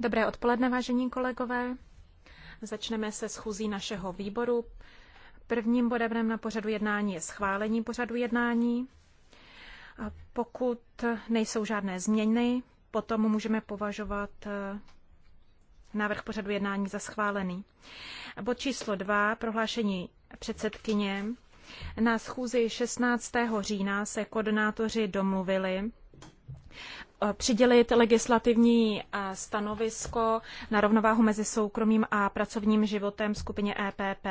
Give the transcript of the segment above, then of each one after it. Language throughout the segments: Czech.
Dobré odpoledne, vážení kolegové. Začneme se schůzí našeho výboru. Prvním bodem na pořadu jednání je schválení pořadu jednání. A pokud nejsou žádné změny, potom můžeme považovat eh, návrh pořadu jednání za schválený. Bod číslo 2, prohlášení předsedkyně. Na schůzi 16. října se koordinátoři domluvili, Eh, přidělit legislativní eh, stanovisko na rovnováhu mezi soukromým a pracovním životem skupině EPP.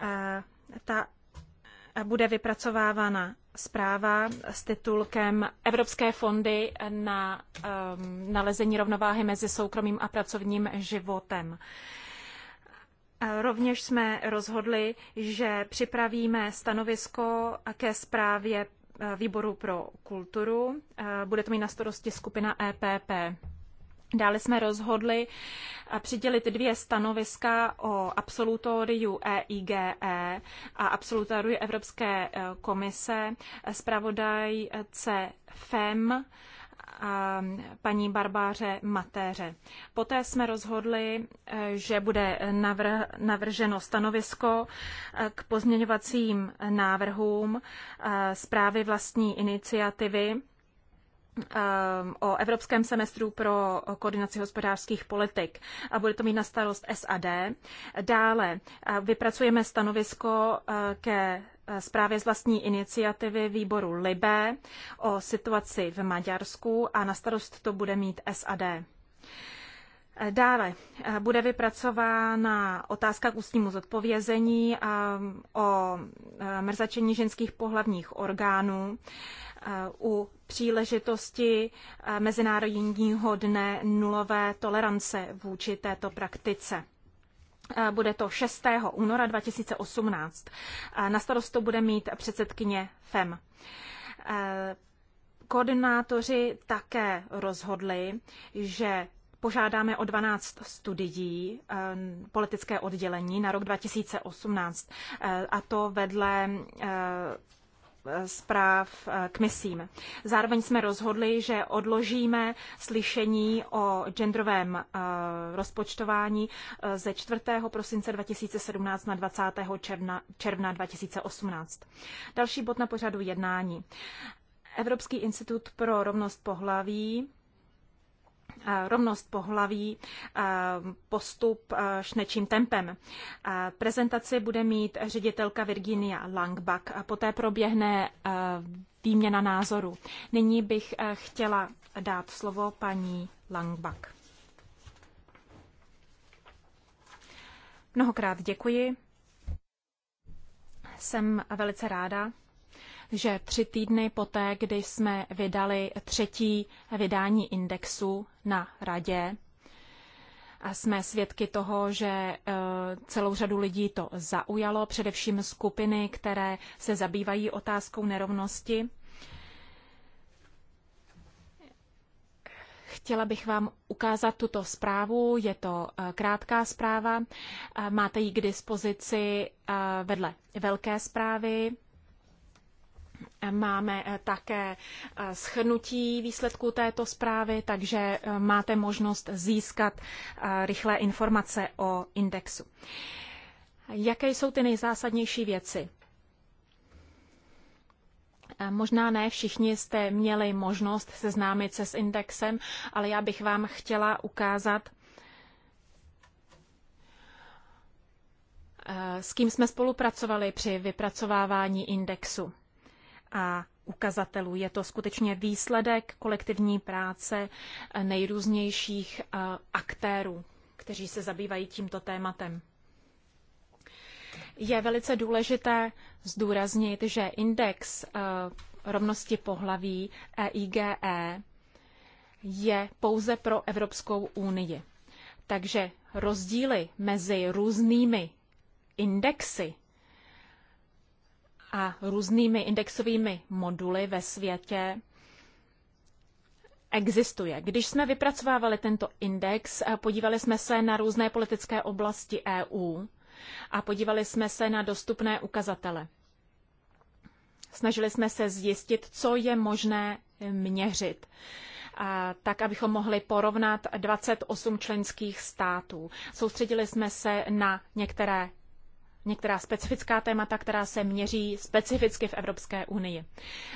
Eh, ta bude vypracovávána zpráva s titulkem Evropské fondy na nalezení rovnováhy mezi soukromým a pracovním životem. Rovněž jsme rozhodli, že připravíme stanovisko ke zprávě Eh, výboru pro kulturu. Eh, bude to mít na starosti skupina EPP. Dále jsme rozhodli eh, přidělit dvě stanoviska o absolutoriu EIGE e a absolutoriu Evropské komise, zpravodajce FEM paní Barbáře Matéře. Poté jsme rozhodli, eh, že bude navrženo stanovisko eh, k pozměňovacím návrhům eh, zprávy vlastní iniciativy Ehm, o Evropském semestru pro koordinaci hospodářských politik a bude to mít na starost SAD. Dále vypracujeme stanovisko e, ke e, zprávě z vlastní iniciativy výboru LIBE o situaci v Maďarsku a na starost to bude mít SAD. E, dále bude vypracována otázka k ústnímu zodpovězení ehm, o mrzačení ženských pohlavních orgánů u příležitosti eh, Mezinárodního dne nulové tolerance vůči této praktice. Eh, bude to 6. února 2018. Eh, na starostu bude mít předsedkyně FEM. Koordinátoři také rozhodli, že požádáme o 12 studií politické oddělení na rok 2018, a to vedle zpráv eh, k misím. Zároveň jsme rozhodli, že odložíme slyšení o genderovém eh, rozpočtování eh, ze 4. prosince 2017 na 20. června, června 2018. Další bod na pořadu jednání. Evropský institut pro rovnost pohlaví rovnost pohlaví postup šnečím tempem. Prezentaci bude mít ředitelka Virginia Langbach a poté proběhne výměna názorů. Nyní bych chtěla dát slovo paní Langbach. Mnohokrát děkuji. Jsem velice ráda, že tři týdny poté, kdy jsme vydali třetí vydání indexu na radě, a jsme svědky toho, že e, celou řadu lidí to zaujalo, především skupiny, které se zabývají otázkou nerovnosti. Chtěla bych vám ukázat tuto zprávu, je to e, krátká zpráva, e, máte ji k dispozici vedle velké zprávy, Máme eh, také eh, schrnutí výsledků této zprávy, takže eh, máte možnost získat rychlé informace o indexu. Jaké jsou ty nejzásadnější věci? Možná ne všichni jste měli možnost seznámit se s indexem, ale já bych vám chtěla ukázat, s kým jsme spolupracovali při vypracovávání indexu ukazatelů. Je to skutečně výsledek kolektivní práce nejrůznějších eh, aktérů, kteří se zabývají tímto tématem. Je velice důležité zdůraznit, že index eh, rovnosti pohlaví EIGE e je pouze pro Evropskou unii. Takže rozdíly mezi různými indexy a různými indexovými moduly ve světě existuje. Když jsme vypracovávali tento index, podívali jsme se na různé politické oblasti EU a podívali jsme se na dostupné ukazatele. Snažili jsme se zjistit, co je možné měřit, a tak abychom mohli porovnat 28 členských států. Soustředili jsme se na některé některá specifická témata, která se měří specificky v Evropské unii.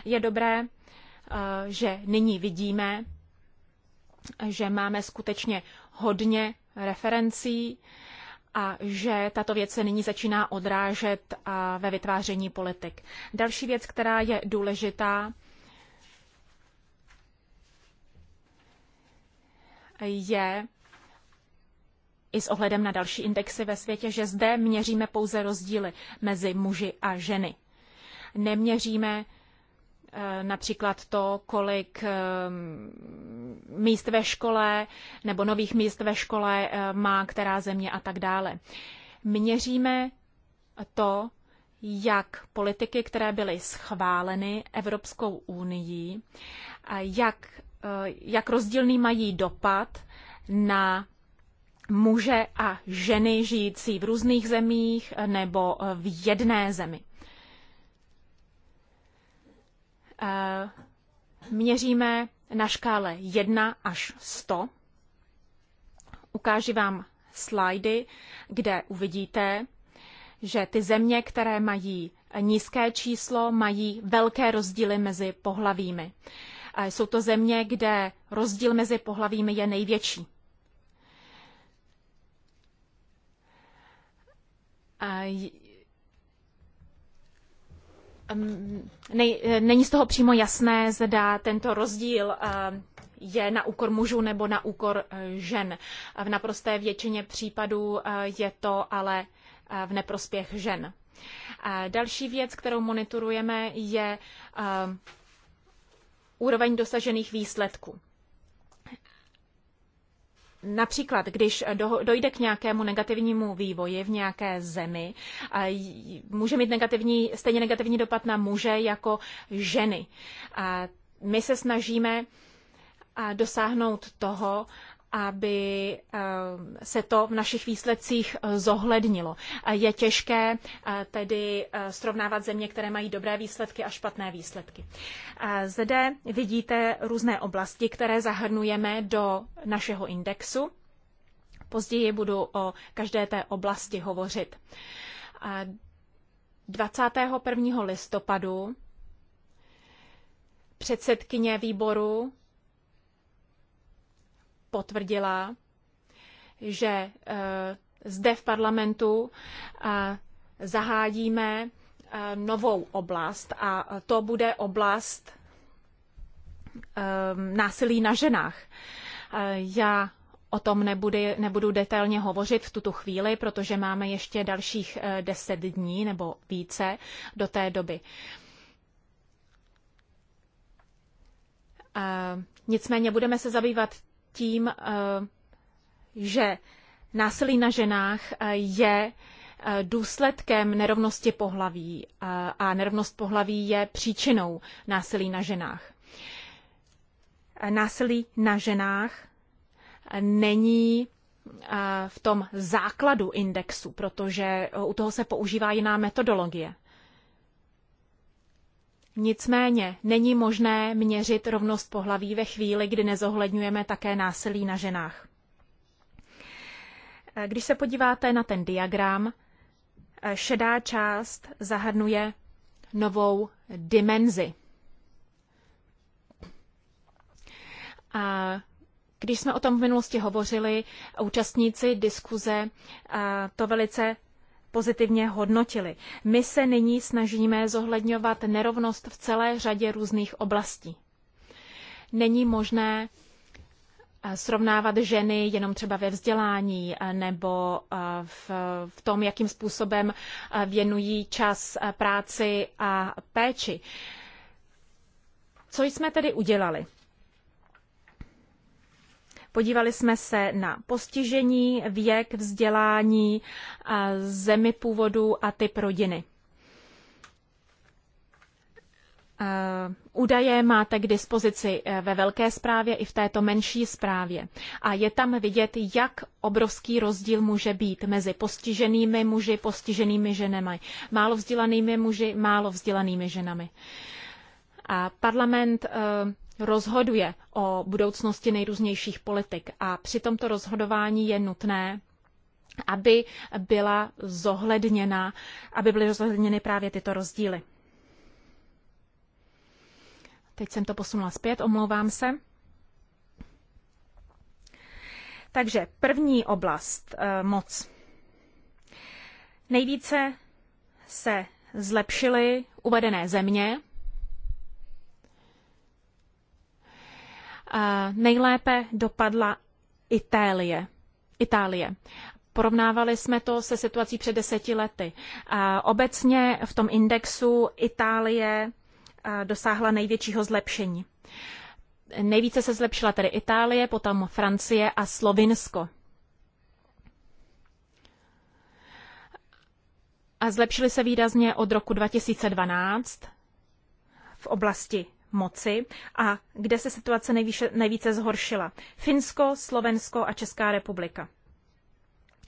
Je dobré, eh, že nyní vidíme, že máme skutečně hodně referencí a že tato věc se nyní začíná odrážet eh, ve vytváření politik. Další věc, která je důležitá, je i s ohledem na další indexy ve světě, že zde měříme pouze rozdíly mezi muži a ženy. Neměříme eh, například to, kolik eh, míst ve škole nebo nových míst ve škole eh, má která země a tak dále. Měříme to, jak politiky, které byly schváleny Evropskou unii, jak, jak rozdílný mají dopad na muže a ženy žijící v různých zemích nebo v jedné zemi. Eh, měříme na škále 1 až 100. Ukážu vám slajdy, kde uvidíte, že ty země, které mají nízké číslo, mají velké rozdíly mezi pohlavími. Eh, jsou to země, kde rozdíl mezi pohlavími je největší. E, není z toho přímo jasné, zda tento rozdíl e, je na úkor mužů nebo na úkor e, žen. V naprosté většině případů je to ale v neprospěch žen. Další věc, kterou monitorujeme, je úroveň dosažených výsledků. Například, když dojde k nějakému negativnímu vývoji v nějaké zemi, může mít negativní, stejně negativní dopad na muže jako ženy. My se snažíme dosáhnout toho, aby eh, se to v našich výsledcích eh, zohlednilo. Eh, je těžké tedy srovnávat země, které mají dobré výsledky a špatné výsledky. Zde vidíte různé oblasti, které zahrnujeme do našeho indexu. Později budu o každé té oblasti hovořit. 21. listopadu předsedkyně výboru potvrdila, že eh, zde v parlamentu eh, zahádíme eh, novou oblast a to bude oblast násilí na ženách. Já o tom nebudu, nebudu detailně hovořit v tuto chvíli, protože máme ještě dalších deset dní nebo více do té doby. Nicméně budeme se zabývat tím, eh, že násilí na ženách eh, je eh, důsledkem nerovnosti pohlaví a nerovnost pohlaví je příčinou násilí na ženách. Násilí na ženách není v tom základu indexu, protože u toho se používá jiná metodologie. Nicméně není možné měřit rovnost pohlaví ve chvíli, kdy nezohledňujeme také násilí na ženách. Eh, když se podíváte na ten diagram, eh, šedá část zahrnuje novou dimenzi. A když jsme o tom v minulosti hovořili, účastníci diskuze eh, to velice pozitivně hodnotili. My se nyní snažíme zohledňovat nerovnost v celé řadě různých oblastí. Není možné eh, srovnávat ženy jenom třeba ve vzdělání eh, nebo eh, v, v tom, jakým způsobem věnují čas práci a péči. Co jsme tedy udělali? Podívali jsme se na postižení, věk, vzdělání, zemi původu a typ rodiny. Údaje máte k dispozici e, ve velké zprávě i v této menší zprávě. A je tam vidět, jak obrovský rozdíl může být mezi postiženými muži, postiženými ženami, málo vzdělanými muži, málo vzdělanými ženami. A parlament e, rozhoduje o budoucnosti nejrůznějších politik a při tomto rozhodování je nutné aby byla zohledněna, aby byly zohledněny právě tyto rozdíly. Teď jsem to posunula zpět, omlouvám se. Takže první oblast, eh, moc. Nejvíce se zlepšily uvedené země, nejlépe dopadla Itálie. Itálie. Porovnávali jsme to se situací před deseti lety. Obecně v tom indexu Itálie dosáhla největšího zlepšení. Nejvíce se zlepšila tedy Itálie, potom Francie a Slovinsko. A zlepšily se výrazně od roku 2012 v oblasti moci a kde se situace nejvíce, nejvíce zhoršila. Finsko, Slovensko a Česká republika.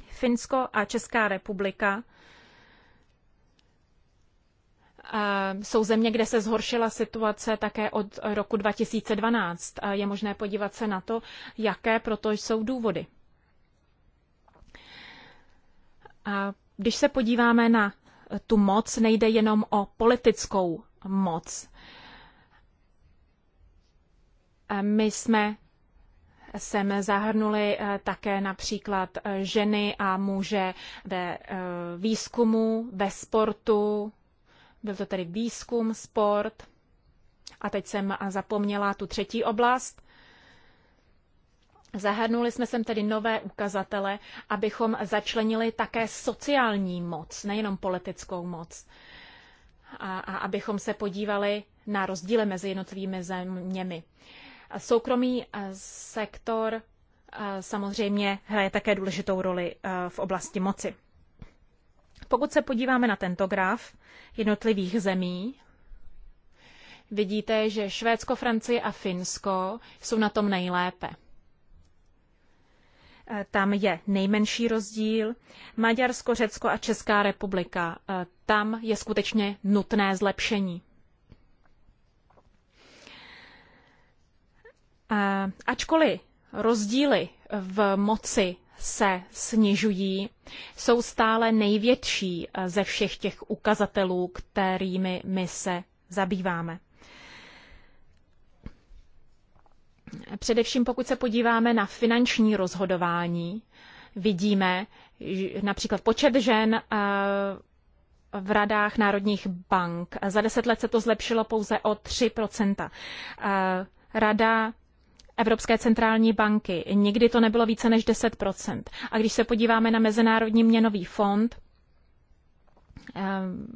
Finsko a Česká republika eh, jsou země, kde se zhoršila situace také od roku 2012. Eh, je možné podívat se na to, jaké proto jsou důvody. A když se podíváme na tu moc, nejde jenom o politickou moc. My jsme sem zahrnuli eh, také například eh, ženy a muže ve eh, výzkumu, ve sportu. Byl to tedy výzkum, sport. A teď jsem zapomněla tu třetí oblast. Zahrnuli jsme sem tedy nové ukazatele, abychom začlenili také sociální moc, nejenom politickou moc. A, a abychom se podívali na rozdíly mezi jednotlivými zeměmi. Uh, Soukromý eh, sektor eh, samozřejmě hraje také důležitou roli eh, v oblasti moci. Pokud se podíváme na tento graf jednotlivých zemí, vidíte, že Švédsko, Francie a Finsko jsou na tom nejlépe. Tam je nejmenší rozdíl. Maďarsko, Řecko a Česká republika. Tam je skutečně nutné zlepšení. Eh, ačkoliv rozdíly v moci se snižují, jsou stále největší eh, ze všech těch ukazatelů, kterými my se zabýváme. Především pokud se podíváme na finanční rozhodování, vidíme například počet žen eh, v radách národních bank. Za deset let se to zlepšilo pouze o 3 Rada Evropské centrální banky. Nikdy to nebylo více než 10 A když se podíváme na Mezinárodní měnový fond ehm,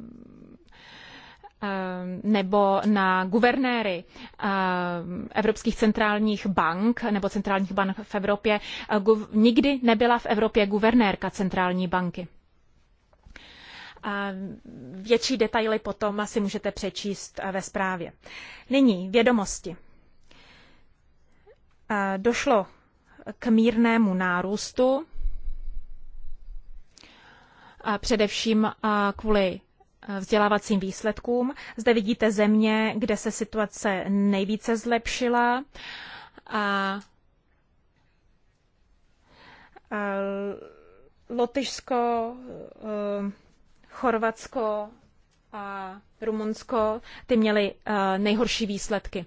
ehm, nebo na guvernéry ehm, evropských centrálních bank nebo centrálních bank v Evropě, eh, nikdy nebyla v Evropě guvernérka centrální banky. A větší detaily potom asi můžete přečíst eh, ve zprávě. Nyní vědomosti došlo k mírnému nárůstu, a především kvůli e, vzdělávacím výsledkům. Zde vidíte země, kde se situace nejvíce zlepšila. A Lotyšsko, e, Chorvatsko a Rumunsko, ty měly e, nejhorší výsledky.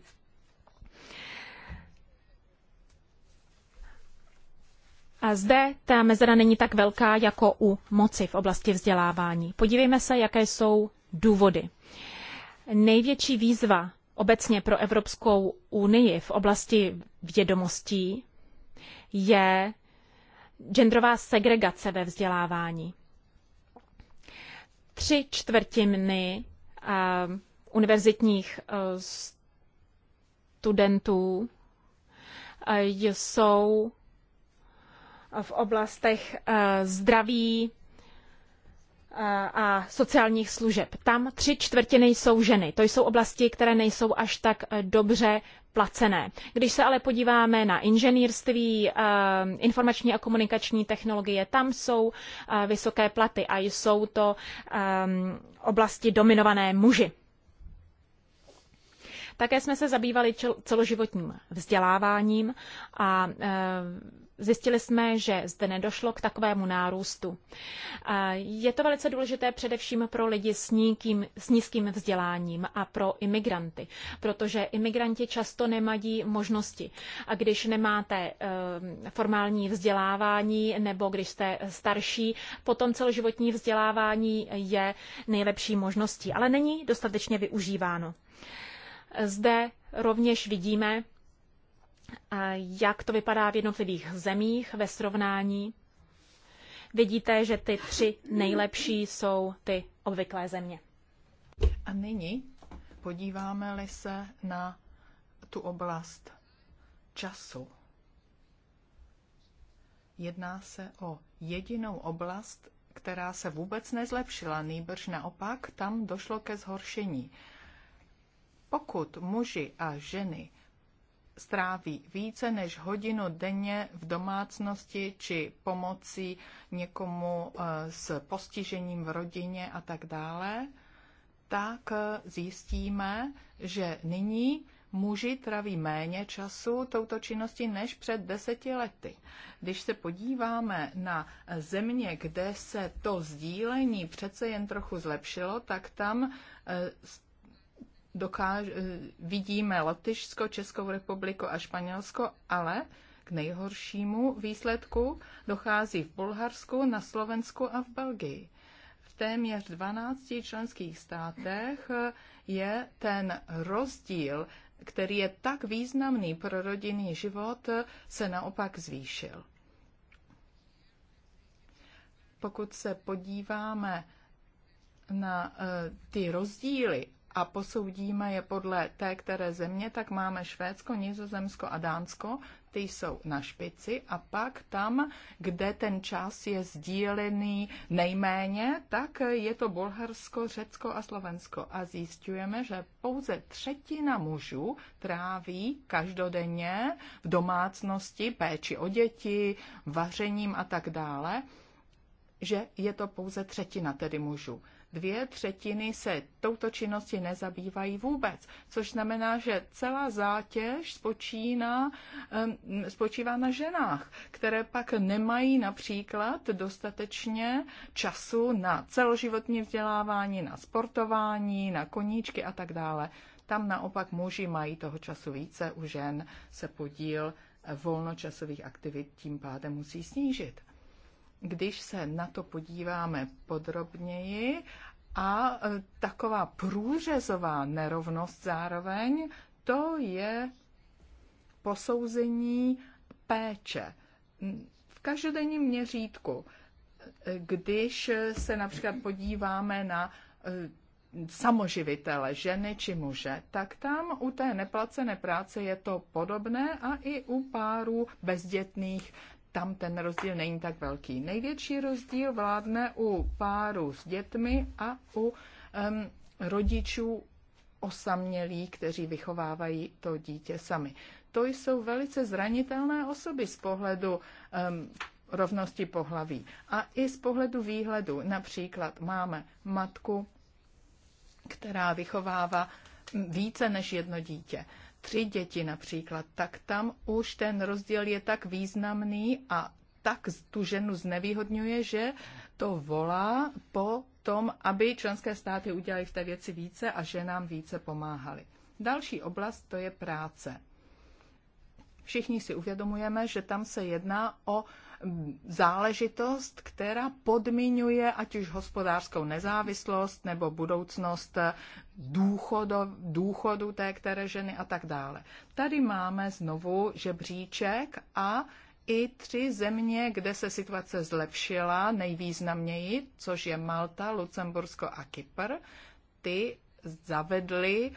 A zde ta mezera není tak velká jako u moci v oblasti vzdělávání. Podívejme se, jaké jsou důvody. Největší výzva obecně pro Evropskou unii v oblasti vědomostí je genderová segregace ve vzdělávání. Tři čtvrtiny uh, univerzitních uh, studentů uh, jsou v oblastech eh, zdraví eh, a sociálních služeb. Tam tři čtvrtiny jsou ženy. To jsou oblasti, které nejsou až tak eh, dobře placené. Když se ale podíváme na inženýrství, informační a komunikační technologie, tam jsou vysoké platy a jsou to oblasti dominované muži. Také jsme se zabývali celoživotním vzděláváním a zjistili jsme, že zde nedošlo k takovému nárůstu. Je to velice důležité především pro lidi s, níkým, s nízkým vzděláním a pro imigranty, protože imigranti často nemají možnosti. A když nemáte ehm, formální vzdělávání nebo když jste starší, potom celoživotní vzdělávání je nejlepší možností, ale není dostatečně využíváno. Zde rovněž vidíme, jak to vypadá v jednotlivých zemích ve srovnání. Vidíte, že ty tři nejlepší jsou ty obvyklé země. A nyní podíváme-li se na tu oblast času. Jedná se o jedinou oblast, která se vůbec nezlepšila, nýbrž naopak tam došlo ke zhoršení. Pokud muži a ženy stráví více než hodinu denně v domácnosti či pomocí někomu eh, s postižením v rodině a tak dále, tak eh, zjistíme, že nyní muži traví méně času touto činností než před deseti lety. Když se podíváme na eh, země, kde se to sdílení přece jen trochu zlepšilo, tak tam dokáž, eh, vidíme Lotyšsko, Českou republiku a Španělsko, ale k nejhoršímu výsledku dochází v Bulharsku, na Slovensku a v Belgii. V téměř 12 členských státech eh, je ten rozdíl, který je tak významný pro rodinný život, eh, se naopak zvýšil. Pokud se podíváme na ty rozdíly a posoudíme je podle té, které země, tak máme Švédsko, Nizozemsko a Dánsko, ty jsou na špici a pak tam, kde ten čas je sdílený nejméně, tak je to Bulharsko, Řecko a Slovensko. A zjišťujeme, že pouze třetina mužů tráví každodenně v domácnosti péči o děti, vařením a tak dále, že je to pouze třetina tedy mužů. Dvě třetiny se touto činnosti nezabývají vůbec, což znamená, že celá zátěž spočíná, spočívá na ženách, které pak nemají například dostatečně času na celoživotní vzdělávání, na sportování, na koníčky a tak dále. Tam naopak muži mají toho času více, u žen se podíl volnočasových aktivit tím pádem musí snížit když se na to podíváme podrobněji a e, taková průřezová nerovnost zároveň, to je posouzení péče. V každodenním měřítku, e, když se například podíváme na e, samoživitele, ženy či muže, tak tam u té neplacené práce je to podobné a i u párů bezdětných tam ten rozdíl není tak velký. Největší rozdíl vládne u párů s dětmi a u um, rodičů osamělí, kteří vychovávají to dítě sami. To jsou velice zranitelné osoby z pohledu um, rovnosti pohlaví. A i z pohledu výhledu například máme matku, která vychovává více než jedno dítě tři děti například, tak tam už ten rozdíl je tak významný a tak tu ženu znevýhodňuje, že to volá po tom, aby členské státy udělali v té věci více a ženám více pomáhali. Další oblast to je práce. Všichni si uvědomujeme, že tam se jedná o záležitost, která podmiňuje ať už hospodářskou nezávislost nebo budoucnost důchodu, důchodu té které ženy a tak dále. Tady máme znovu žebříček a i tři země, kde se situace zlepšila nejvýznamněji, což je Malta, Lucembursko a Kypr, ty zavedly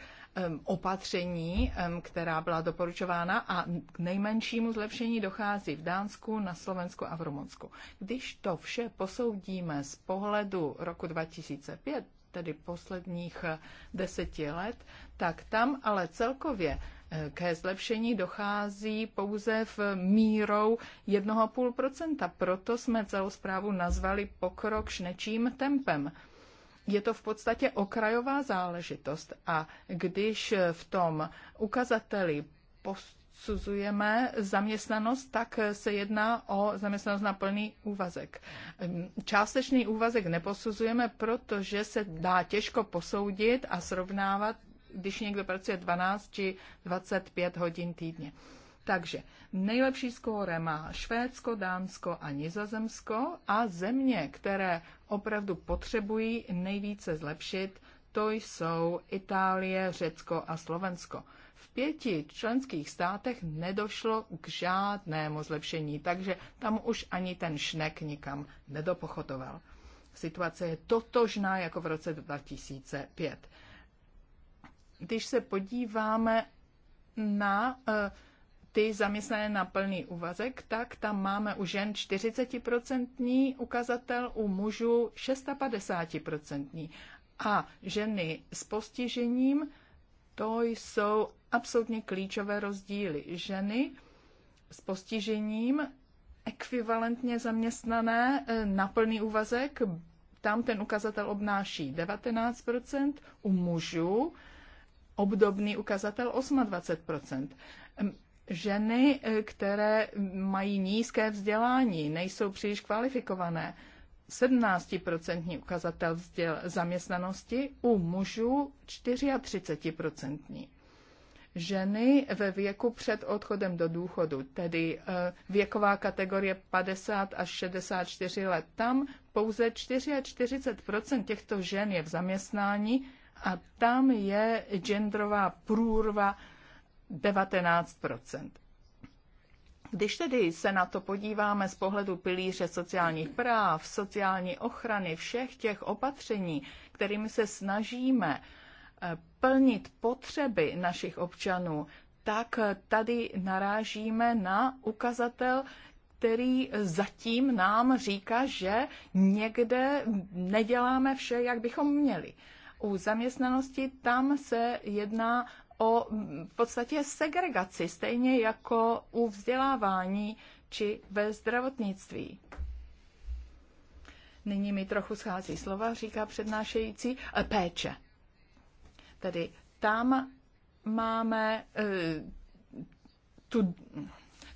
opatření, která byla doporučována a k nejmenšímu zlepšení dochází v Dánsku, na Slovensku a v Rumunsku. Když to vše posoudíme z pohledu roku 2005, tedy posledních eh, deseti let, tak tam ale celkově eh, ke zlepšení dochází pouze v mírou 1,5%. Proto jsme celou zprávu nazvali pokrok šnečím tempem je to v podstatě okrajová záležitost. A když v tom ukazateli posuzujeme zaměstnanost, tak se jedná o zaměstnanost na plný úvazek. Částečný úvazek neposuzujeme, protože se dá těžko posoudit a srovnávat, když někdo pracuje 12 či 25 hodin týdně. Takže nejlepší skóre má Švédsko, Dánsko a Nizozemsko a země, které opravdu potřebují nejvíce zlepšit, to jsou Itálie, Řecko a Slovensko. V pěti členských státech nedošlo k žádnému zlepšení, takže tam už ani ten šnek nikam nedopochotoval. Situace je totožná jako v roce 2005. Když se podíváme na uh, ty zaměstnané na plný úvazek, tak tam máme u žen 40% ukazatel, u mužů 56%. A ženy s postižením, to jsou absolutně klíčové rozdíly. Ženy s postižením ekvivalentně zaměstnané e, na plný úvazek, tam ten ukazatel obnáší 19%, u mužů obdobný ukazatel 28% ženy, eh, které mají nízké vzdělání, nejsou příliš kvalifikované. 17% ukazatel vzděl zaměstnanosti, u mužů 34% ženy ve věku před odchodem do důchodu, tedy eh, věková kategorie 50 až 64 let. Tam pouze 44 těchto žen je v zaměstnání a tam je genderová průrva 19 když tedy se na to podíváme z pohledu pilíře sociálních práv, sociální ochrany, všech těch opatření, kterými se snažíme eh, plnit potřeby našich občanů, tak eh, tady narážíme na ukazatel, který eh, zatím nám říká, že někde neděláme vše, jak bychom měli. U zaměstnanosti tam se jedná o v podstatě segregaci, stejně jako u vzdělávání či ve zdravotnictví. Nyní mi trochu schází slova, říká přednášející, eh, péče. Tedy tam máme eh, tu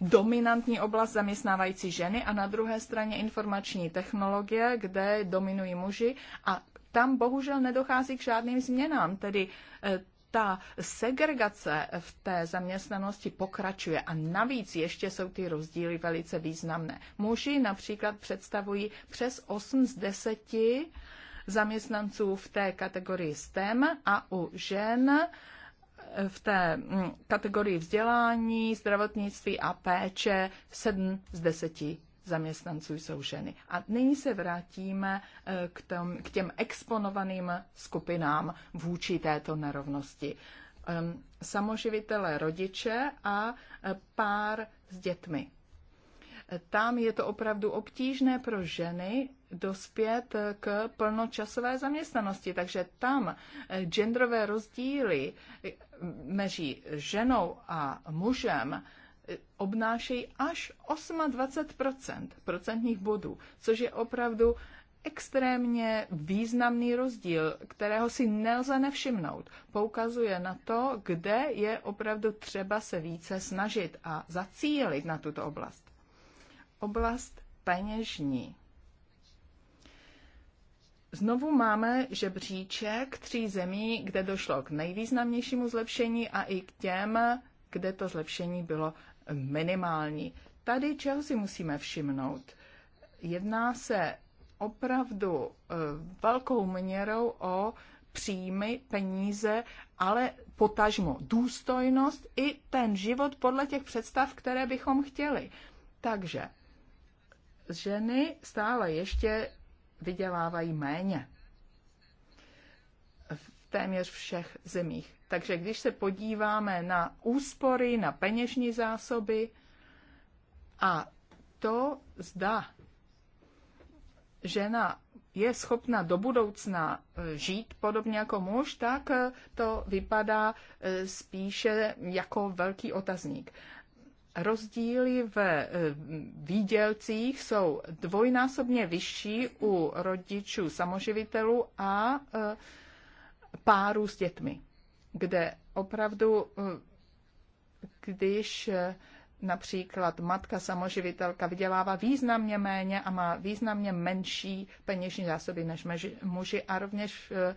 dominantní oblast zaměstnávající ženy a na druhé straně informační technologie, kde dominují muži a tam bohužel nedochází k žádným změnám, tedy eh, ta segregace v té zaměstnanosti pokračuje a navíc ještě jsou ty rozdíly velice významné. Muži například představují přes 8 z 10 zaměstnanců v té kategorii STEM a u žen v té mm, kategorii vzdělání, zdravotnictví a péče 7 z 10 zaměstnanců jsou ženy. A nyní se vrátíme eh, k, tom, k těm exponovaným skupinám vůči této nerovnosti. Ehm, samoživitelé rodiče a eh, pár s dětmi. Eh, tam je to opravdu obtížné pro ženy dospět k plnočasové zaměstnanosti. Takže tam genderové rozdíly mezi ženou a mužem obnášejí až 28% procentních bodů, což je opravdu extrémně významný rozdíl, kterého si nelze nevšimnout. Poukazuje na to, kde je opravdu třeba se více snažit a zacílit na tuto oblast. Oblast peněžní. Znovu máme žebříček tří zemí, kde došlo k nejvýznamnějšímu zlepšení a i k těm, kde to zlepšení bylo minimální. Tady čeho si musíme všimnout? Jedná se opravdu eh, velkou měrou o příjmy, peníze, ale potažmo důstojnost i ten život podle těch představ, které bychom chtěli. Takže ženy stále ještě vydělávají méně téměř všech zemích. Takže když se podíváme na úspory, na peněžní zásoby a to zda žena je schopna do budoucna e, žít podobně jako muž, tak e, to vypadá e, spíše jako velký otazník. Rozdíly ve výdělcích jsou dvojnásobně vyšší u rodičů samoživitelů a párů s dětmi, kde opravdu, eh, když eh, například matka samoživitelka vydělává významně méně a má významně menší peněžní zásoby než muži a rovněž eh,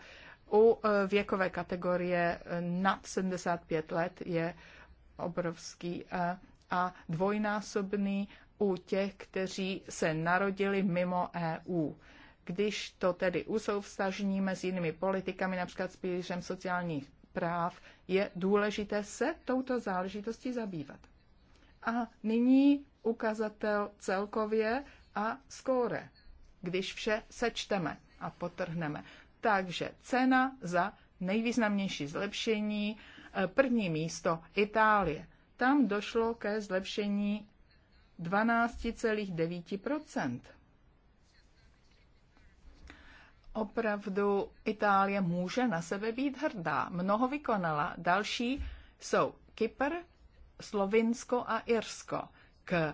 u věkové kategorie nad 75 let je obrovský a dvojnásobný u těch, kteří se narodili mimo EU. Když to tedy usouvstažníme s jinými politikami, například s pilířem sociálních práv, je důležité se touto záležitostí zabývat. A nyní ukazatel celkově a skóre, když vše sečteme a potrhneme. Takže cena za nejvýznamnější zlepšení, eh, první místo Itálie. Tam došlo ke zlepšení 12,9 opravdu Itálie může na sebe být hrdá. Mnoho vykonala. Další jsou Kypr, Slovinsko a Irsko. K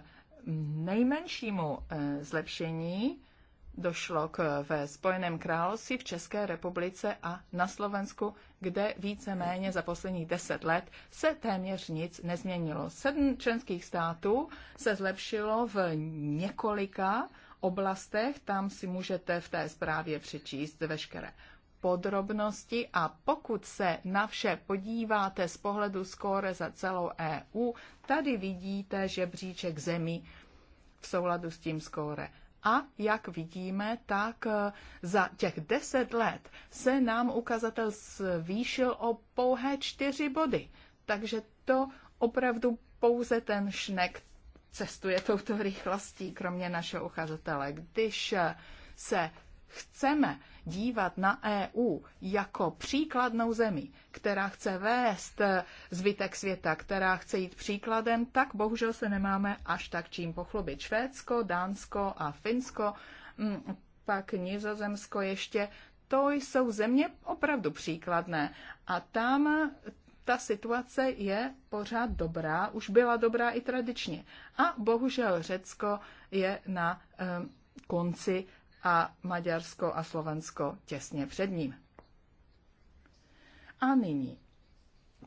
nejmenšímu eh, zlepšení došlo k, ve Spojeném království, v České republice a na Slovensku, kde víceméně za posledních deset let se téměř nic nezměnilo. Sedm členských států se zlepšilo v několika oblastech. Tam si můžete v té zprávě přečíst veškeré podrobnosti a pokud se na vše podíváte z pohledu skóre za celou EU, tady vidíte žebříček zemí v souladu s tím skóre. A jak vidíme, tak eh, za těch deset let se nám ukazatel zvýšil o pouhé čtyři body. Takže to opravdu pouze ten šnek cestuje touto rychlostí, kromě našeho uchazatele. Když se chceme dívat na EU jako příkladnou zemi, která chce vést zbytek světa, která chce jít příkladem, tak bohužel se nemáme až tak čím pochlubit. Švédsko, Dánsko a Finsko, mm, pak Nizozemsko ještě, to jsou země opravdu příkladné. A tam ta situace je pořád dobrá, už byla dobrá i tradičně. A bohužel Řecko je na konci a Maďarsko a Slovensko těsně před ním. A nyní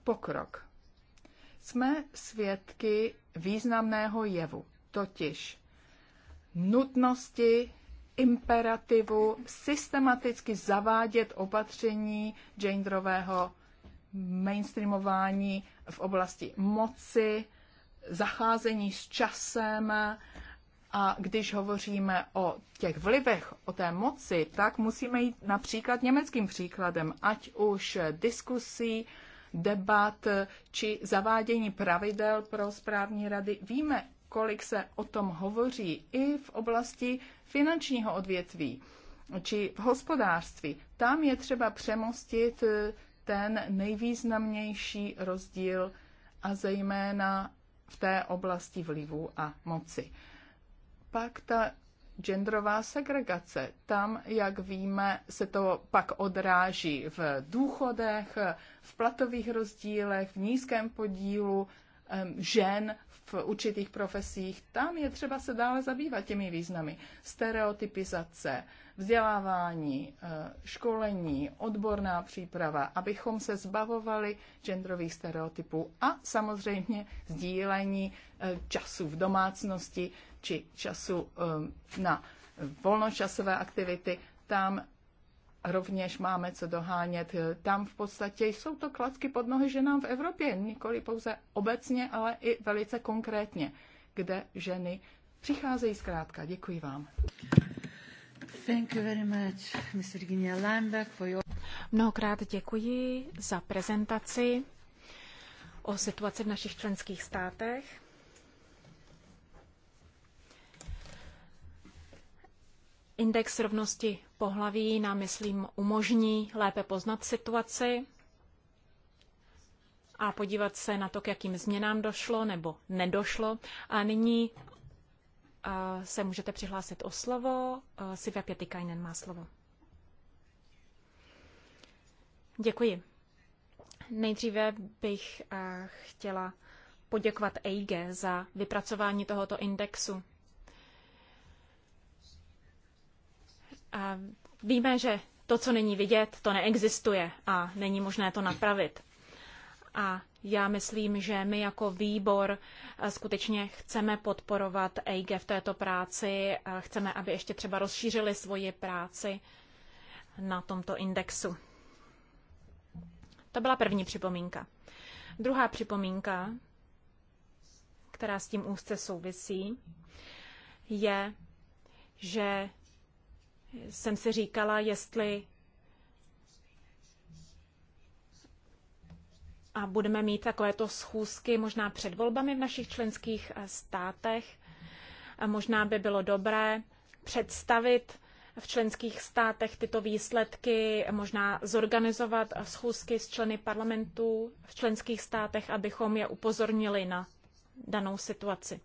pokrok. Jsme svědky významného jevu, totiž nutnosti imperativu systematicky zavádět opatření genderového mainstreamování v oblasti moci, zacházení s časem, a když hovoříme o těch vlivech, o té moci, tak musíme jít například německým příkladem, ať už diskusí, debat či zavádění pravidel pro správní rady. Víme, kolik se o tom hovoří i v oblasti finančního odvětví či v hospodářství. Tam je třeba přemostit ten nejvýznamnější rozdíl a zejména v té oblasti vlivu a moci. Pak ta genderová segregace. Tam, jak víme, se to pak odráží v důchodech, v platových rozdílech, v nízkém podílu žen v určitých profesích. Tam je třeba se dále zabývat těmi významy. Stereotypizace, vzdělávání, eh, školení, odborná příprava, abychom se zbavovali genderových stereotypů a samozřejmě sdílení eh, času v domácnosti či času eh, na volnočasové aktivity. Tam rovněž máme co dohánět. Tam v podstatě jsou to klacky pod nohy ženám v Evropě, nikoli pouze obecně, ale i velice konkrétně, kde ženy přicházejí zkrátka. Děkuji vám. Mnohokrát děkuji za prezentaci o situaci v našich členských státech. Index rovnosti pohlaví nám, myslím, umožní lépe poznat situaci a podívat se na to, k jakým změnám došlo nebo nedošlo. A nyní se můžete přihlásit o slovo. Sivia Pětikajnen má slovo. Děkuji. Nejdříve bych chtěla poděkovat EIG za vypracování tohoto indexu. A víme, že to, co není vidět, to neexistuje a není možné to napravit. A já myslím, že my jako výbor eh, skutečně chceme podporovat EIG e v této práci. Chceme, aby ještě třeba rozšířili svoji práci na tomto indexu. To byla první připomínka. Druhá připomínka, která s tím úzce souvisí, je, že jsem si říkala, jestli a budeme mít takovéto schůzky možná před volbami v našich členských eh, státech. A možná by bylo dobré představit v členských státech tyto výsledky, možná zorganizovat eh, schůzky s členy parlamentů v členských státech, abychom je upozornili na danou situaci.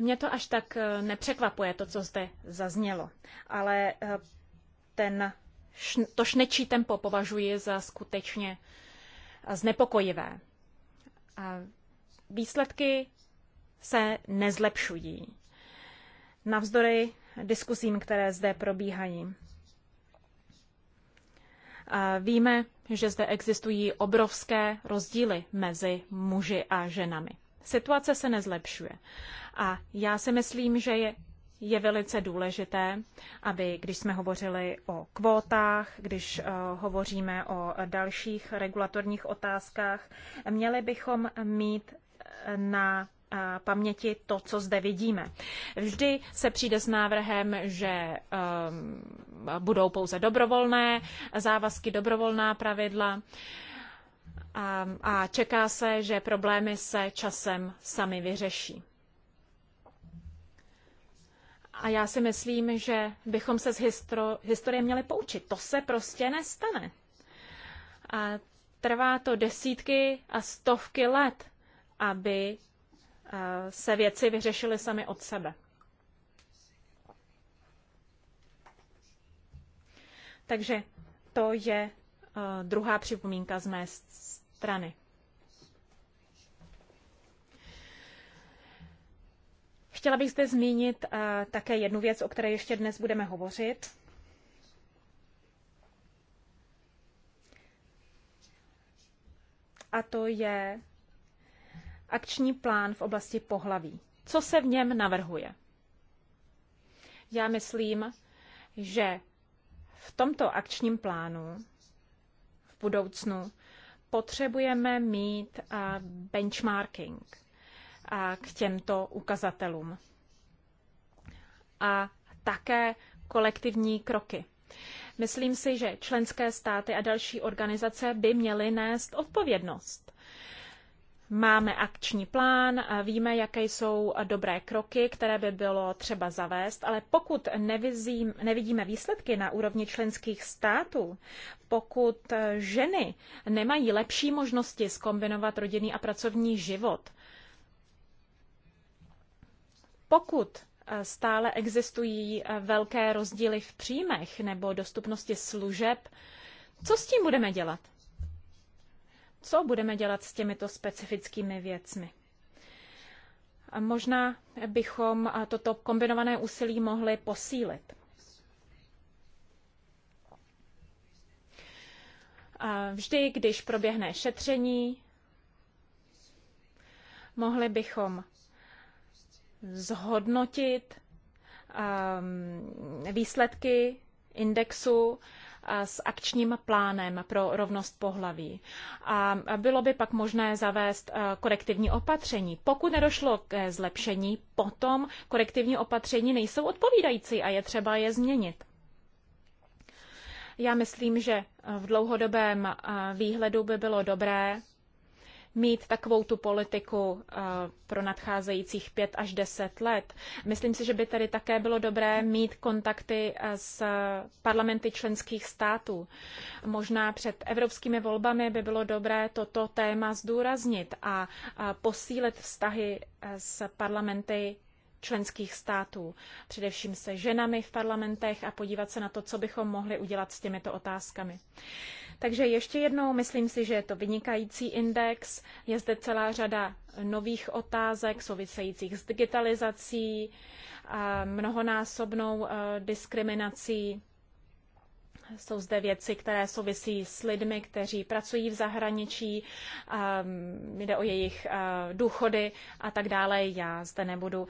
Mě to až tak eh, nepřekvapuje, to, co zde zaznělo, ale ten to šnečí tempo považuji za skutečně eh, znepokojivé. Výsledky se nezlepšují. Navzdory diskusím, které zde probíhají. Víme, že zde existují obrovské rozdíly mezi muži a ženami. Situace se nezlepšuje. A já si myslím, že je je velice důležité, aby, když jsme hovořili o kvótách, když eh, hovoříme o dalších regulatorních otázkách, měli bychom mít eh, na eh, paměti to, co zde vidíme. Vždy se přijde s návrhem, že um, budou pouze dobrovolné závazky, dobrovolná pravidla a, a čeká se, že problémy se časem sami vyřeší. A já si myslím, že bychom se z histro- historie měli poučit. To se prostě nestane. A trvá to desítky a stovky let, aby eh, se věci vyřešily sami od sebe. Takže to je eh, druhá připomínka z mé strany. Chtěla bych zde zmínit eh, také jednu věc, o které ještě dnes budeme hovořit. A to je akční plán v oblasti pohlaví. Co se v něm navrhuje? Já myslím, že v tomto akčním plánu v budoucnu potřebujeme mít eh, benchmarking k těmto ukazatelům. A také kolektivní kroky. Myslím si, že členské státy a další organizace by měly nést odpovědnost. Máme akční plán, víme, jaké jsou dobré kroky, které by bylo třeba zavést, ale pokud nevizím, nevidíme výsledky na úrovni členských států, pokud ženy nemají lepší možnosti skombinovat rodinný a pracovní život, pokud eh, stále existují eh, velké rozdíly v příjmech nebo dostupnosti služeb, co s tím budeme dělat? Co budeme dělat s těmito specifickými věcmi? Možná bychom eh, toto kombinované úsilí mohli posílit. Vždy, když proběhne šetření, mohli bychom zhodnotit ehm, výsledky indexu eh, s akčním plánem pro rovnost pohlaví. A bylo by pak možné zavést eh, korektivní opatření. Pokud nedošlo k zlepšení, potom korektivní opatření nejsou odpovídající a je třeba je změnit. Já myslím, že v dlouhodobém eh, výhledu by bylo dobré mít takovou tu politiku eh, pro nadcházejících pět až deset let. Myslím si, že by tady také bylo dobré mít kontakty eh, s parlamenty členských států. Možná před evropskými volbami by bylo dobré toto téma zdůraznit a posílit vztahy eh, s parlamenty členských států, především se ženami v parlamentech a podívat se na to, co bychom mohli udělat s těmito otázkami. Takže ještě jednou, myslím si, že je to vynikající index. Je zde celá řada nových otázek souvisejících s digitalizací, mnohonásobnou e, diskriminací. Jsou zde věci, které souvisí s lidmi, kteří pracují v zahraničí, jde o jejich e, důchody a tak dále. Já zde nebudu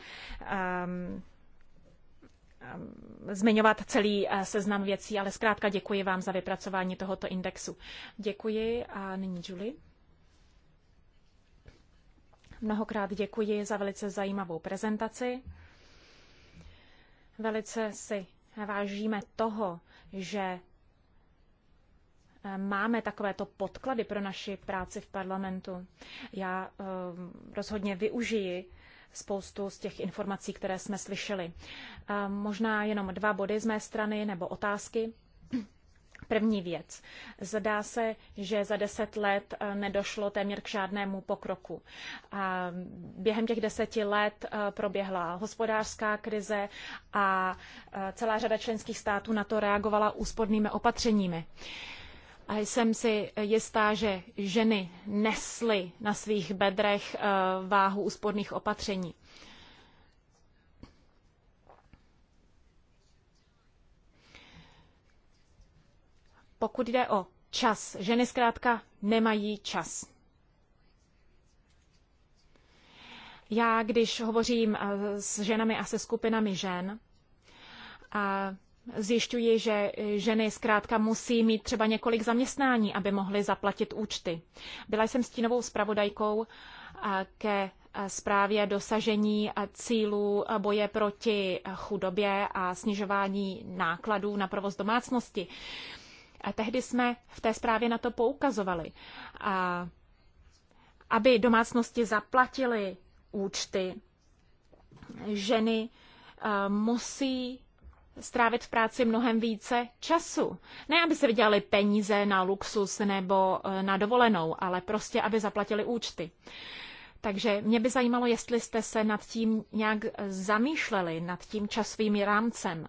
Um, zmiňovat celý eh, seznam věcí, ale zkrátka děkuji vám za vypracování tohoto indexu. Děkuji a nyní Julie. Mnohokrát děkuji za velice zajímavou prezentaci. Velice si vážíme toho, že eh, máme takovéto podklady pro naši práci v parlamentu. Já eh, rozhodně využiji spoustu z těch informací, které jsme slyšeli. Možná jenom dva body z mé strany nebo otázky. První věc. Zdá se, že za deset let eh, nedošlo téměř k žádnému pokroku. A během těch deseti let eh, proběhla hospodářská krize a eh, celá řada členských států na to reagovala úspornými opatřeními. A jsem si jistá, že ženy nesly na svých bedrech eh, váhu úsporných opatření. Pokud jde o čas, ženy zkrátka nemají čas. Já, když hovořím eh, s ženami a se skupinami žen, a zjišťuji, že eh, ženy zkrátka musí mít třeba několik zaměstnání, aby mohly zaplatit účty. Byla jsem stínovou zpravodajkou eh, ke eh, zprávě dosažení cílů boje proti chudobě a snižování nákladů na provoz domácnosti. A tehdy jsme v té zprávě na to poukazovali. A aby domácnosti zaplatily účty, ženy musí strávit v práci mnohem více času. Ne, aby si vydělali peníze na luxus nebo eh, na dovolenou, ale prostě, aby zaplatili účty. Takže mě by zajímalo, jestli jste se nad tím nějak eh, zamýšleli, nad tím časovým rámcem.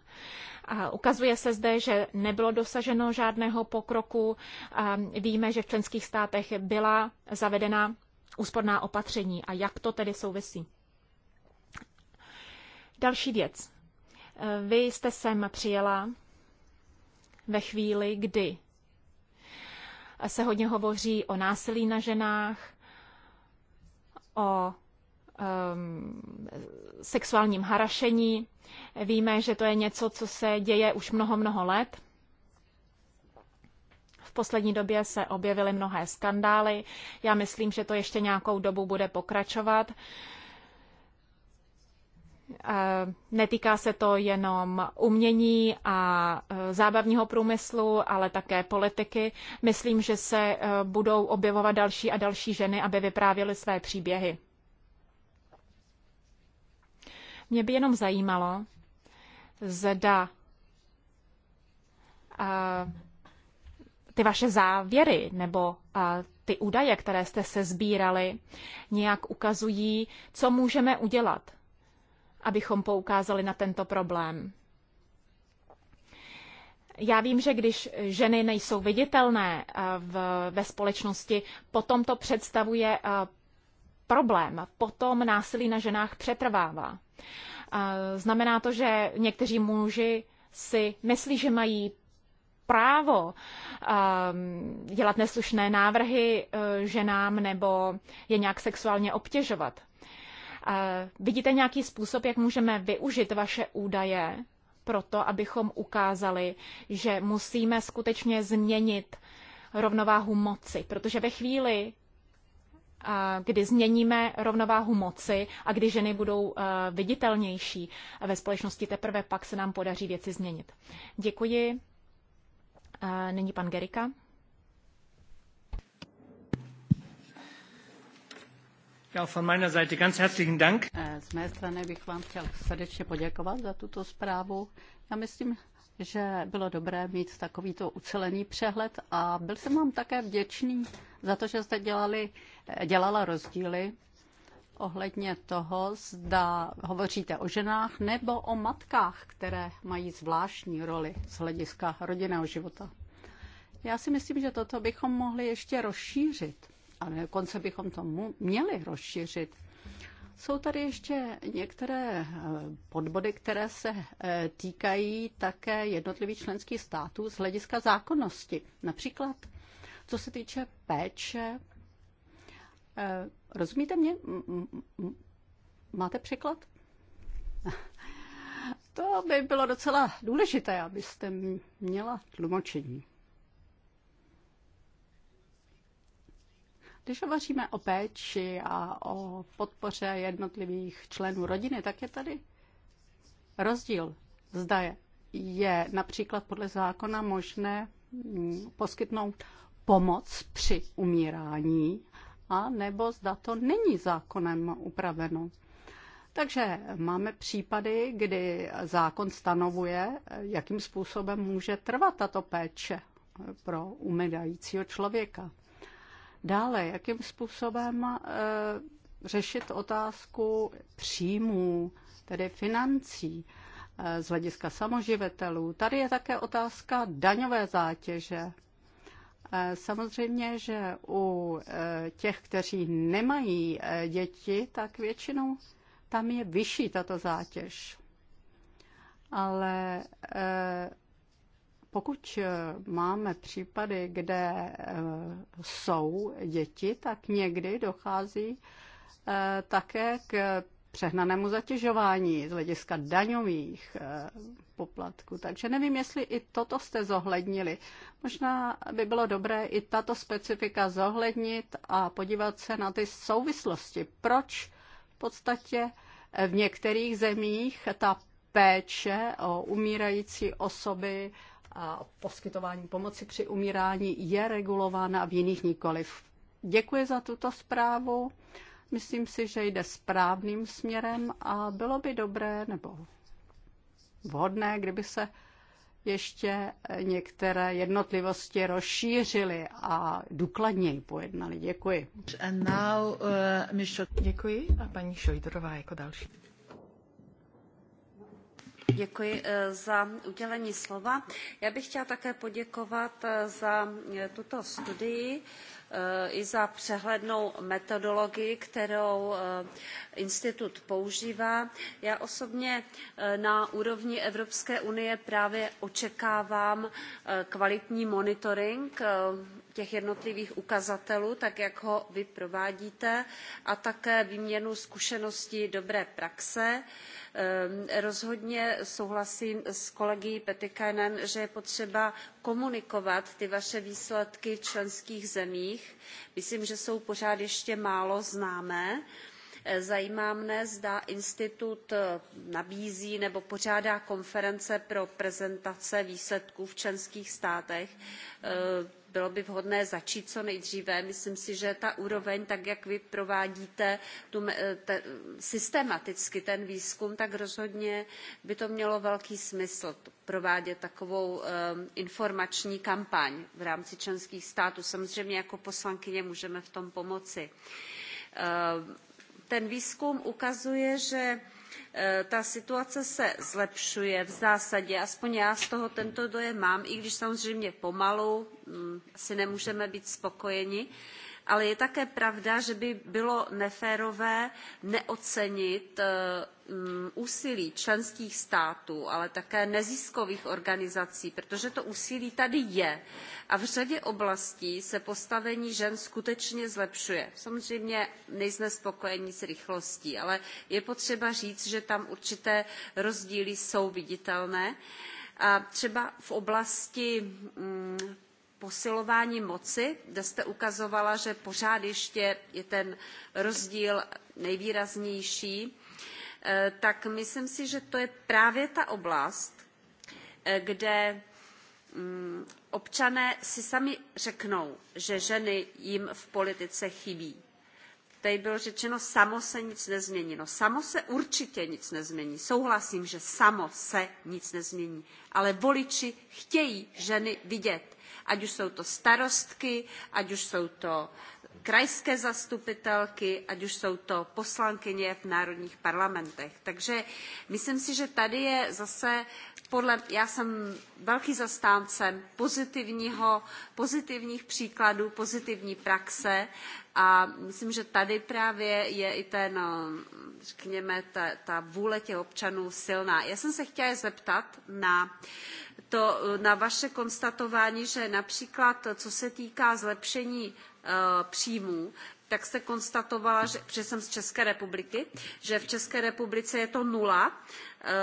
A ukazuje se zde, že nebylo dosaženo žádného pokroku. A víme, že v členských státech byla zavedena úsporná opatření. A jak to tedy souvisí? Další věc. Vy jste sem přijela ve chvíli, kdy se hodně hovoří o násilí na ženách, o um, sexuálním harašení. Víme, že to je něco, co se děje už mnoho, mnoho let. V poslední době se objevily mnohé skandály. Já myslím, že to ještě nějakou dobu bude pokračovat. Uh, Netýká se to jenom umění a e, zábavního průmyslu, ale také politiky. Myslím, že se e, budou objevovat další a další ženy, aby vyprávěly své příběhy. Mě by jenom zajímalo, zda ty vaše závěry nebo ty údaje, které jste se sbírali, nějak ukazují, co můžeme udělat abychom poukázali na tento problém. Já vím, že když ženy nejsou viditelné eh, v, ve společnosti, potom to představuje eh, problém, potom násilí na ženách přetrvává. Eh, znamená to, že někteří muži si myslí, že mají právo dělat neslušné návrhy ženám nebo je nějak sexuálně obtěžovat. Eh, vidíte nějaký způsob, jak můžeme využít vaše údaje proto, abychom ukázali, že musíme skutečně změnit rovnováhu moci, protože ve chvíli, eh, kdy změníme rovnováhu moci a kdy ženy budou eh, viditelnější ve společnosti, teprve pak se nám podaří věci změnit. Děkuji. Nyní pan Gerika. Eh, z mé strany bych vám chtěl srdečně poděkovat za tuto zprávu. Já myslím, že bylo dobré mít takovýto ucelený přehled a byl jsem vám také vděčný za to, že jste dělali, eh, dělala rozdíly ohledně toho, zda hovoříte o ženách nebo o matkách, které mají zvláštní roli z hlediska rodinného života. Já si myslím, že toto bychom mohli ještě rozšířit a dokonce bychom to měli rozšířit. Jsou tady ještě některé eh, podbody, které se eh, týkají také jednotlivých členských států z hlediska zákonnosti. Například, co se týče péče. Eh, rozumíte mě? Máte překlad? To by bylo docela důležité, abyste měla tlumočení. Když hovoříme o péči a o podpoře jednotlivých členů rodiny, tak je tady rozdíl. Zda je, je například podle zákona možné mm, poskytnout pomoc při umírání, a nebo zda to není zákonem upraveno. Takže máme případy, kdy zákon stanovuje, jakým způsobem může trvat tato péče pro umírajícího člověka. Dále, jakým způsobem eh, řešit otázku příjmů, tedy financí eh, z hlediska samoživitelů. Tady je také otázka daňové zátěže. Eh, samozřejmě, že u těch, kteří nemají děti, tak většinou tam je vyšší tato zátěž. Ale pokud eh, máme případy, kde eh, jsou děti, tak někdy dochází eh, také k přehnanému zatěžování z hlediska daňových poplatků. Takže nevím, jestli i toto jste zohlednili. Možná by bylo dobré i tato specifika zohlednit a podívat se na ty souvislosti. Proč v podstatě v některých zemích ta péče o umírající osoby a poskytování pomoci při umírání je regulována a v jiných nikoliv. Děkuji za tuto zprávu. Myslím si, že jde správným směrem a bylo by dobré nebo vhodné, kdyby se ještě některé jednotlivosti rozšířily a důkladněji pojednali. Děkuji. And now, uh, Děkuji a paní Šojdrová jako další. Děkuji eh, za udělení slova. Já bych chtěla také poděkovat eh, za eh, tuto studii i za přehlednou metodologii, kterou institut používá. Já osobně na úrovni Evropské unie právě očekávám kvalitní monitoring těch jednotlivých ukazatelů, tak jak ho vy provádíte, a také výměnu zkušeností dobré praxe. Ehm, rozhodně souhlasím s kolegy pietikinem že je potřeba komunikovat ty vaše výsledky v členských zemích myslím že jsou pořád ještě málo známé ehm, zajímá mne zda institut ehm, nabízí nebo pořádá konference pro prezentace výsledků v členských státech bylo by vhodné začít co nejdříve. myslím si že ta úroveň tak jak vy provádíte tu, te, systematicky ten výzkum tak rozhodně by to mělo velký smysl provádět takovou um, informační kampaň v rámci členských států. samozřejmě jako poslankyně můžeme v tom pomoci. Ehm, ten výzkum ukazuje že Eh, ta situace se zlepšuje v zásadě aspoň já z toho tento dojem mám i když samozřejmě pomalu mm, asi nemůžeme být spokojeni ale je také pravda, že by bylo neférové neocenit eh, mm, úsilí členských států, ale také neziskových organizací, protože to úsilí tady je a v řadě oblastí se postavení žen skutečně zlepšuje. Samozřejmě nejsme spokojeni s rychlostí, ale je potřeba říct, že tam určité rozdíly jsou viditelné. A třeba v oblasti mm, posilování moci, kde jste ukazovala, že pořád ještě je ten rozdíl nejvýraznější, eh, tak myslím si, že to je právě ta oblast, eh, kde mm, občané si sami řeknou, že ženy jim v politice chybí. Tady bylo řečeno, samo se nic nezmění. No samo se určitě nic nezmění. Souhlasím, že samo se nic nezmění. Ale voliči chtějí ženy vidět ať už jsou to starostky, ať už jsou to krajské zastupitelky, ať už jsou to poslankyně v národních parlamentech. Takže myslím si, že tady je zase podle, já jsem velký zastáncem pozitivního, pozitivních příkladů, pozitivní praxe a myslím, že tady právě je i ten, řekněme, ta, ta vůle těch občanů silná. Já jsem se chtěla zeptat na to, na vaše konstatování, že například co se týká zlepšení Eh, příjmů, tak jste konstatovala, že, protože jsem z České republiky, že v České republice je to nula, eh,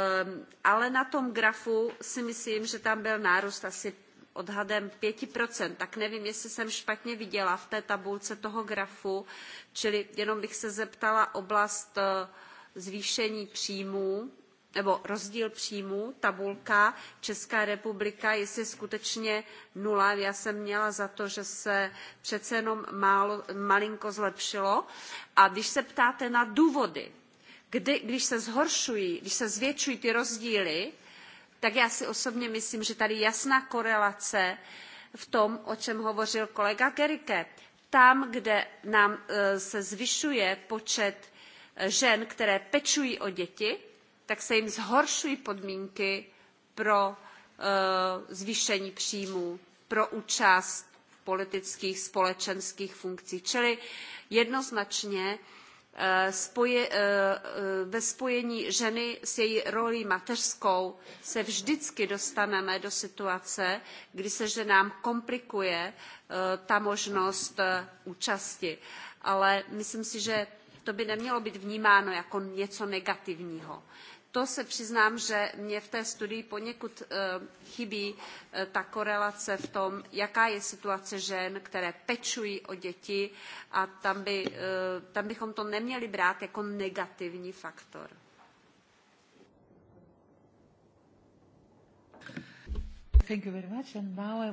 ale na tom grafu si myslím, že tam byl nárůst asi odhadem 5%, tak nevím, jestli jsem špatně viděla v té tabulce toho grafu, čili jenom bych se zeptala oblast eh, zvýšení příjmů, nebo rozdíl příjmů, tabulka Česká republika, jestli skutečně nula. Já jsem měla za to, že se přece jenom málo, malinko zlepšilo. A když se ptáte na důvody, kdy, když se zhoršují, když se zvětšují ty rozdíly, tak já si osobně myslím, že tady jasná korelace v tom, o čem hovořil kolega Gerike. Tam, kde nám e, se zvyšuje počet e, žen, které pečují o děti, tak se jim zhoršují podmínky pro eh, zvýšení příjmů, pro účast v politických, společenských funkcích. Čili jednoznačně eh, spoje, eh, ve spojení ženy s její rolí mateřskou se vždycky dostaneme do situace, kdy se ženám komplikuje ta možnost účasti. Ale myslím si, že to by nemělo být vnímáno jako něco negativního. To se přiznám, že mě v té studii poněkud eh, chybí eh, ta korelace v tom, jaká je situace žen, které pečují o děti a tam, by, eh, tam bychom to neměli brát jako negativní faktor.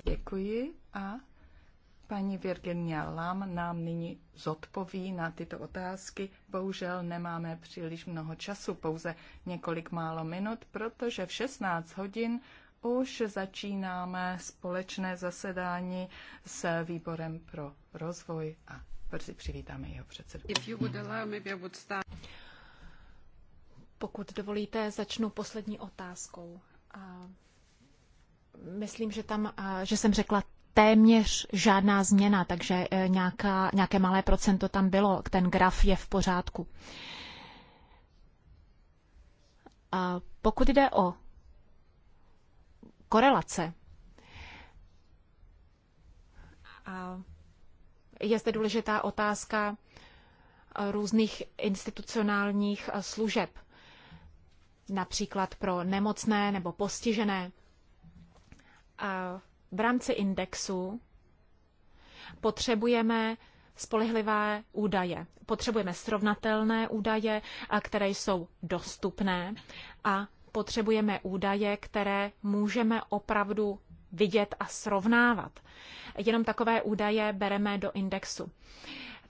Děkuji a Paní Virginia Lam nám nyní zodpoví na tyto otázky. Bohužel nemáme příliš mnoho času, pouze několik málo minut, protože v 16 hodin už začínáme společné zasedání s výborem pro rozvoj a brzy přivítáme jeho předsedu. Pokud dovolíte, začnu poslední otázkou. Myslím, že tam, že jsem řekla téměř žádná změna, takže e, nějaká, nějaké malé procento tam bylo. Ten graf je v pořádku. A pokud jde o korelace, a je zde důležitá otázka e, různých institucionálních e, služeb, například pro nemocné nebo postižené. A v rámci indexu potřebujeme spolehlivé údaje. Potřebujeme srovnatelné údaje, které jsou dostupné a potřebujeme údaje, které můžeme opravdu vidět a srovnávat. Jenom takové údaje bereme do indexu.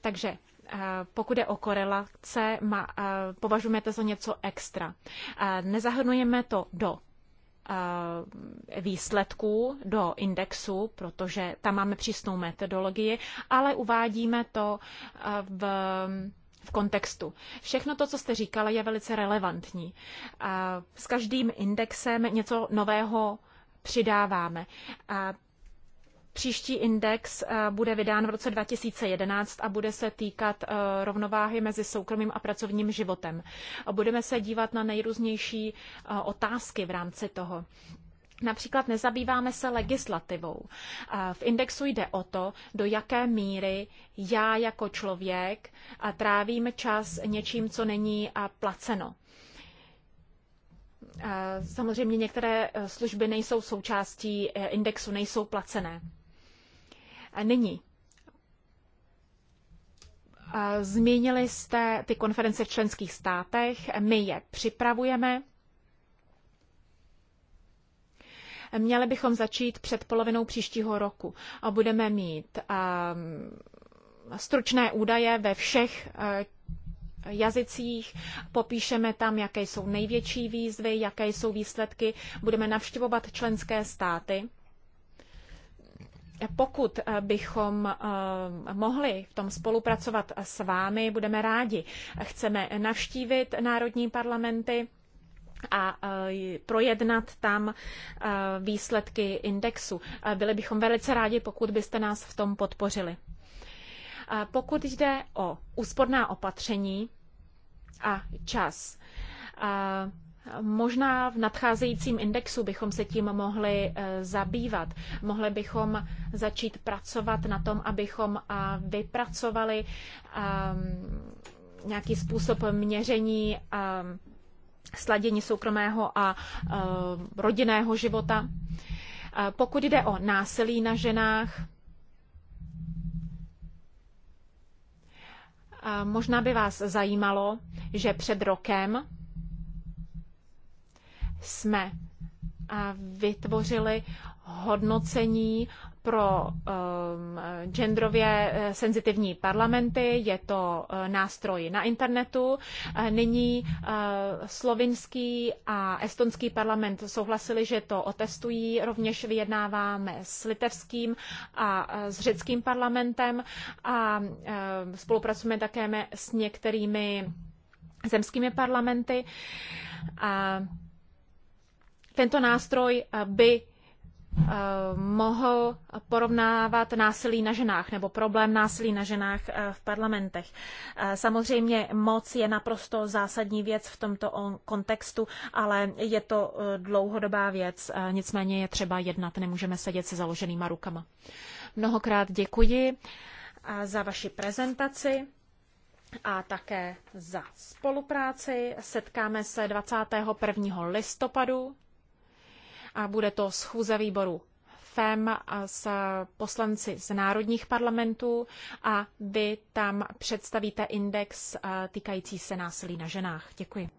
Takže pokud je o korelace, považujeme to za něco extra. Nezahrnujeme to do Eh, výsledků do indexu, protože tam máme přísnou metodologii, ale uvádíme to eh, v v kontextu. Všechno to, co jste říkala, je velice relevantní. Eh, s každým indexem něco nového přidáváme. Příští index eh, bude vydán v roce 2011 a bude se týkat eh, rovnováhy mezi soukromým a pracovním životem. Budeme se dívat na nejrůznější eh, otázky v rámci toho. Například nezabýváme se legislativou. V indexu jde o to, do jaké míry já jako člověk trávím čas něčím, co není placeno. Samozřejmě některé služby nejsou součástí indexu, nejsou placené. Nyní. Zmínili jste ty konference v členských státech, my je připravujeme. Měli bychom začít před polovinou příštího roku a budeme mít um, stručné údaje ve všech uh, jazycích, popíšeme tam, jaké jsou největší výzvy, jaké jsou výsledky, budeme navštěvovat členské státy pokud eh, bychom eh, mohli v tom spolupracovat s vámi, budeme rádi. Chceme navštívit národní parlamenty a eh, projednat tam výsledky indexu. Byli bychom velice rádi, pokud byste nás v tom podpořili. Pokud jde o úsporná opatření a čas, Možná v nadcházejícím indexu bychom se tím mohli eh, zabývat. Mohli bychom začít pracovat na tom, abychom eh, vypracovali ehm, nějaký způsob měření ehm, sladění soukromého a eh, rodinného života. Pokud jde o násilí na ženách, možná by vás zajímalo, že před rokem jsme vytvořili hodnocení pro um, genderově eh, senzitivní parlamenty, je to eh, nástroj na internetu. Eh, nyní uh, slovinský a estonský parlament souhlasili, že to otestují. Rovněž vyjednáváme s litevským a s řeckým parlamentem a uh, spolupracujeme také s některými zemskými parlamenty. Uh, tento nástroj by eh, mohl porovnávat násilí na ženách nebo problém násilí na ženách eh, v parlamentech. Eh, samozřejmě moc je naprosto zásadní věc v tomto kontextu, ale je to dlouhodobá věc, nicméně je třeba jednat, nemůžeme sedět se založenýma rukama. Mnohokrát děkuji za vaši prezentaci a také za spolupráci. Setkáme se 21. listopadu a bude to schůze výboru FEM s poslanci z národních parlamentů a vy tam představíte index eh, týkající se násilí na ženách. Děkuji.